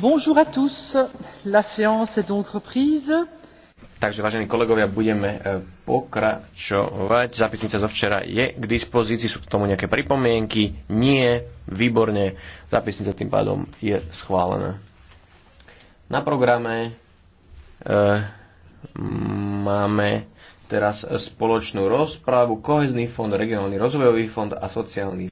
Bonjour à tous. La séance est donc reprise. Takže, vážení kolegovia, budeme e, pokračovať. Zapisnica zo včera je k dispozícii. Sú k tomu nejaké pripomienky? Nie. Výborne. Zapisnica tým pádom je schválená. Na programe e, máme teraz spoločnú rozprávu Kohezný fond, Regionálny rozvojový fond a sociálny